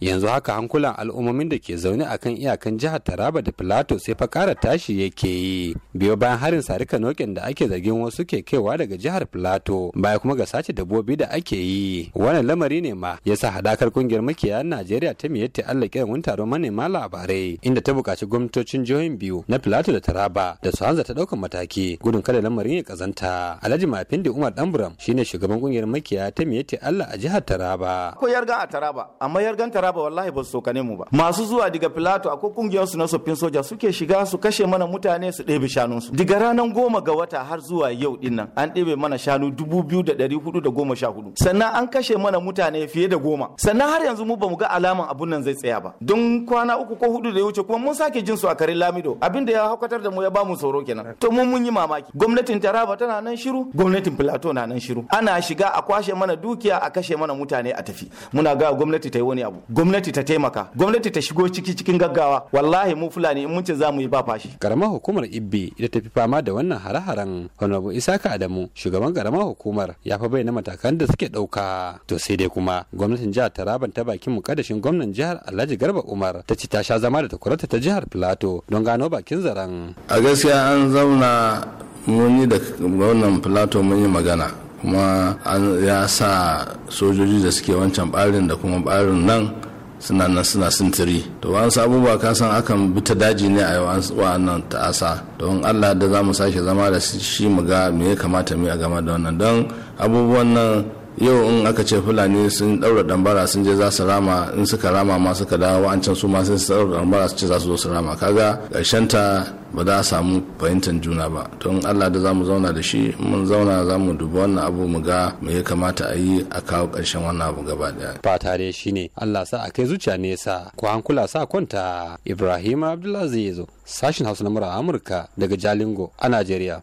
yanzu haka hankulan al'ummomin da ke zaune a kan iyakan jihar taraba da filato sai fa kara tashi yake yi biyo bayan harin sarika nokin da ake zargin wasu ke kaiwa daga jihar filato baya kuma ga sace dabbobi da ake yi wannan lamari ne ma Ya sa hadakar kungiyar makiya najeriya ta miyatti allah kiran wani taron manema labarai inda ta buƙaci gwamnatocin jihohin biyu na filato da taraba da su hanza ta ɗaukan mataki gudun kada lamarin ya kazanta alhaji mafindi umar danburam shine shugaban ƙungiyar makiya ta miyatti allah a jihar taraba ko yargan taraba taraba wallahi ba su kane mu ba masu zuwa daga filato a kungiyar su na sofin soja suke shiga su kashe mana mutane su ɗebe shanun su daga ranar goma ga wata har zuwa yau dinnan an ɗebe mana shanu dubu biyu da ɗari hudu da goma sha hudu sannan an kashe mana mutane fiye da goma sannan har yanzu mu ba mu ga alaman abun nan zai tsaya ba don kwana uku ko hudu da ya wuce kuma mun sake jin su a karin lamido abinda ya haukatar da mu ya bamu tsoro kenan to mun mun yi mamaki gwamnatin taraba tana nan shiru gwamnatin filato na nan shiru ana shiga a kwashe mana dukiya a kashe mana mutane a tafi muna ga gwamnati ta yi wani abu gwamnati ta taimaka gwamnati ta shigo ciki cikin gaggawa wallahi mu fulani in mun ce za mu yi ba fashi karamar hukumar ibbi ita ta fi fama da wannan hare-haren honorable isaka adamu shugaban karamar hukumar ya fa bayyana matakan da suke ɗauka to sai dai kuma gwamnatin jihar taraban ta bakin mukaddashin gwamnan jihar alhaji garba umar ta ci ta sha zama da takwarata ta jihar filato don gano bakin zaren a gaskiya an zauna muni da gwamnan filato mun yi magana kuma ya sa sojoji da suke wancan barin da kuma barin nan suna nan suna sintiri to sa abubuwa ka san akan bi ta daji ne a wa'annan ta'asa don allah da za mu sake zama da shi mu ga me ya kamata mu a game da wannan don abubuwan nan yau in aka ce fulani sun daura dambara sun je za su rama in suka rama ma suka dawo wa'ancan su ma sun daura dambara su ce za su zo su rama kaga ƙarshen ta ba za a samu fahimtar juna ba to in Allah da za mu zauna da shi mun zauna za mu dubi wannan abu mu ga me ya kamata a yi a kawo ƙarshen wannan abu gaba ɗaya fata dai ne Allah sa a kai zuciya nesa ko hankula sa kwanta Ibrahim Abdulaziz sashin Hausa na Amurka daga Jalingo a Najeriya